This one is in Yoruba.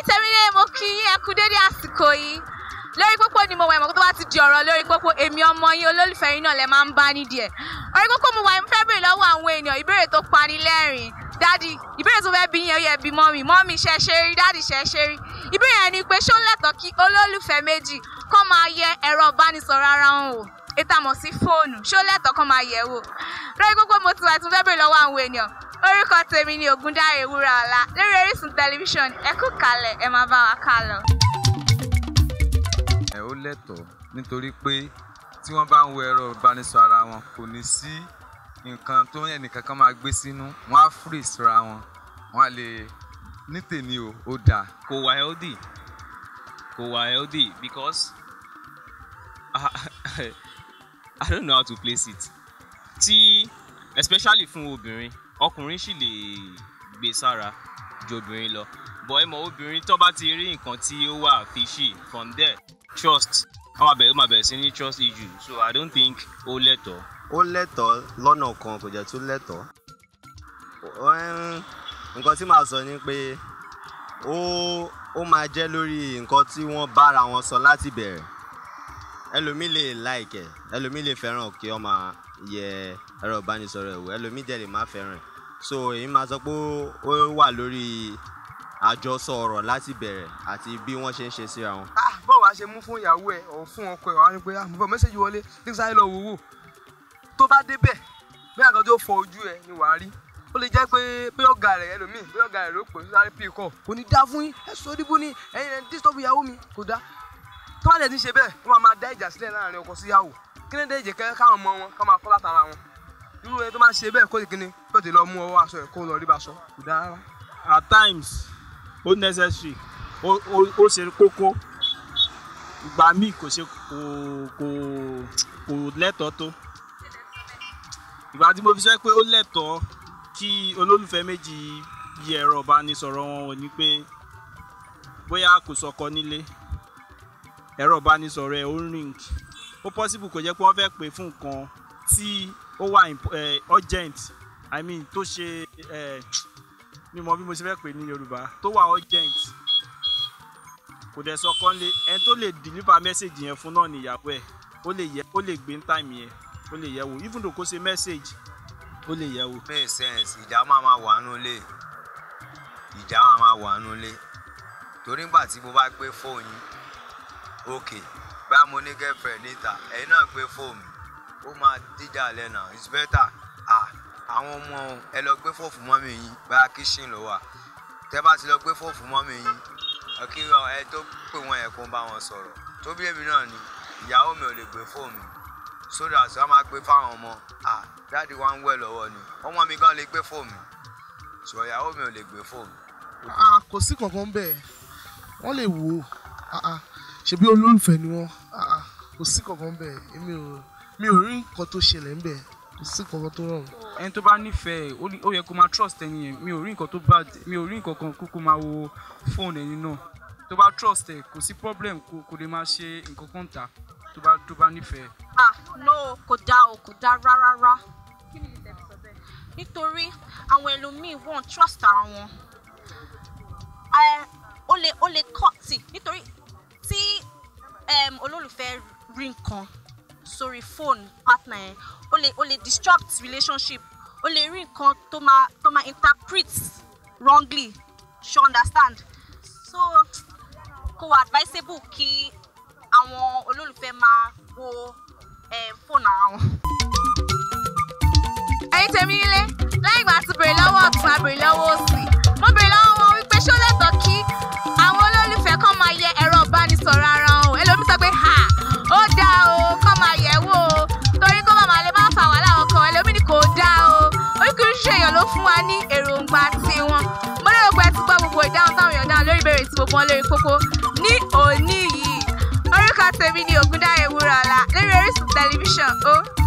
ẹ̀yin tèmi lé mo kí yín ẹ kú dédé àsìkò yìí lórí pópó ni mo wà ìmọ̀ tó bá ti di ọ̀rọ̀ lórí pópó èmi ọmọ yín olólùfẹ́ yín náà lẹ máa ń bá nídìí ẹ̀ orí pópó mo wà ìmọ̀ fẹ́ bèrè lọ́wọ́ àwọn èèyàn ìbéèrè tó pani lẹ́rìn dáàdi ìbéèrè tó fẹ́ bí yẹn yẹ bí mọ́mì mọ́mì ṣe ṣe rí dáàdi ṣe ṣe rí ìbéèrè yẹn ni pé ṣó lẹ́tọ̀ọ́ kí olólùfẹ́ méjì kọ́ máa yẹ ẹ̀rọ ìbánisọ̀rọ̀ ara wọn wò ètò àmọ̀ sí fóònù ṣó lẹ́tọ̀ọ́ kọ́ máa yẹ̀ wò lórí pópó mo ti wà ìtúnfẹ́ bèrè lọ́wọ́ àwọn èèyàn orúkọ tèmi ni Ògúndáre Wúràọlá lórí Orísun tẹlifíṣàn ẹ kú kalẹ̀ ẹ máa bá wa ká lọ. ẹ ó lẹ́tọ̀ọ́ nítorí pé tí wọ́n bá ń wo ẹ̀rọ ìbánisọ̀ ara wọn kò ní sí nǹkan tó ẹnìkan kan máa gbé sínú wọn á fúrì síra wọn wọn á lè ní tèmi o ó dáa. kò wá healthy kò wá healthy because I don't know how to place it tí especially fún obìnrin ọkùnrin sì lè gbé sára ju obìnrin lọ bọ ẹ mọ obìnrin tó bá ti rí nǹkan tí ó wà fishy from there trust wọn máa bẹ̀rẹ̀ ó máa bẹ̀rẹ̀ sí ní trust issue so i don't think ó lẹ́tọ̀ọ́. ó lẹ́tọ̀ọ́ lọ́nà kan kò jẹ́ tún lẹ́tọ̀ọ́ nǹkan tí màá sọ ni pé ó ó máa jẹ́ lórí nǹkan tí wọ́n bára wọn sọ láti bẹ̀rẹ̀ ẹlòmíì lè like ẹ ẹlòmíì lè fẹ́ràn kí wọ́n máa yẹ ẹ̀rọ ìbánisọ̀rọ̀ ẹ̀wò ẹlòmíì dẹ̀ lè má fẹ́ràn so èyí máa sọ pé ó wà lórí àjọsọ ọ̀rọ̀ láti bẹ̀rẹ̀ àti bí wọ́n ṣe ń ṣe síra wọn. Ah, bó wàá ṣe mú fún ìyàwó ẹ ọ̀ fún ọkọ ẹ wàá ní pé ah, mo fẹ́ mẹ́sẹ̀jì wọlé ní sáré lọ wòwò tó bá débẹ̀ bí àgbà tó fọ ojú ẹ ni wàá rí ó lè jẹ́ pé pé ọ̀gá rẹ̀ ẹlòmíì pé ọ̀gá rẹ̀ ló pè é sáré pè é kọ̀ kò ní dá fún yín ẹ sọ díbú ni ẹ̀yin rẹ̀ ń dísítọ́bù ìyàwó mi kò dá tó bá dẹ̀ ti ṣe bẹ́ẹ̀ wọ́n máa dá ìjà sílẹ̀ láàrin ọkọ síyàwó kí ló dé ìjẹ́ káwọn ọmọ wọn kọ́ máa kọ́ látara wọn irú ẹni tó máa ṣe bẹ́ẹ̀ kó ti kíni kó ti lọ mú ọwọ́ aṣọ ẹ̀ kó lọ rí baṣọ kò at times ó necessary ó ṣe kókó ìgbà míì kò ṣe kò kò kò lẹ́tọ̀ọ́ tó ìgbà tí mo fi sọ pé ó lẹ́tọ̀ọ́ kí olólùfẹ́ méjì yí ẹ̀rọ ìbánisọ̀rọ̀ wọn wò ni pé bóyá kò sọkọ nílé ẹ̀rọ ìbánisọ̀rọ̀ ẹ̀ ó ń rìn kì í ó possible kò jẹ́ pé wọ́n fẹ́ pè fún nǹkan tí ó wà urgent i mean tó ṣe mi mọ bí mo ṣe fẹ́ pè ní yorùbá tó wà urgent kò dẹ̀ sọ kán lé ẹni tó lè deliver message yẹn fún náà nìyàwó ẹ̀ ó lè yẹ ó lè gbé ní time yẹn ó lè yẹ̀ wò even though kó ṣe message ó lè yẹ̀ wò. make sense ìjà máa ma wà nù lé ìjà máa ma wà nù lé torí nígbà tí mo bá gbé fóònù okay bá mo ní girlfriend níta ẹ̀yin náà gbé fóònù ó máa díjà lẹ́nà it's better àwọn ọmọ ẹ lọ gbé fóònù mọ́ mi yín bá kíṣìn ló wà tẹ́ bá ti lọ gbé fóònù mọ́ mi yín kí ẹ tó pè wọ́n yẹn kó bá wọn sọ̀rọ̀ tó bí èmi náà ni ìyàwó mi ò lè gbé fóònù sódà sọ á máa gbé fáwọn ọmọ dáàdi wa ń wẹ̀ lọ́wọ́ ni ọmọ mi gan lè gbé fóònù sọ ìyàwó mi ò lè gbé fóònù. Ah, kò sí kankan bẹ́ẹ̀ wọ́n lè wò ó ah, ah ṣebí olólùfẹ́ ni wọ́n ah, ah, kò sí kankan bẹ́ẹ̀ èmi ò mi ò rí nǹkan tó ṣẹlẹ̀ ńbẹ̀ kò sí kankan tó rọrùn. ẹni tó bá nífẹ̀ẹ́ ó yẹ kó máa trust ẹni yẹn mi ò rí nǹkan tó bá mi ò rí nǹkan kan kó máa wo fóònù ẹni náà tó bá trust ẹ kò sí problem kò lè máa ṣe nǹkan kan ta tó bá tó bá nífẹ̀ẹ́. ah no kò dáa o kò dáa rárá nítorí àwọn ẹlòmíì wọ́n trust ara wọn eh, ó lè ó lè rí nǹkan sórí fóònù partner yẹn o le o le disrupt relationship o le rí nǹkan tó máa tó máa interpret wrongly she understand so kò advisable ki àwọn olólùfẹ́ máa wo phone ara wọn. ẹ̀yin tèmi ilé lẹ́yìn ìgbà tí bèrè lọ́wọ́ ọ̀tún. ló fún wa ní èròǹgbà tiwọn mo lérò pé ẹ ti gbọ́ gbogbo ìdáhùn táwọn èèyàn dáhùn lórí ìbéèrè tí mo pọn lórí kókó ní òní yìí orúkọ tèmi ni Ògúndáyé Wúrọ̀ọlá lórí Orísun tẹlifíṣàn ó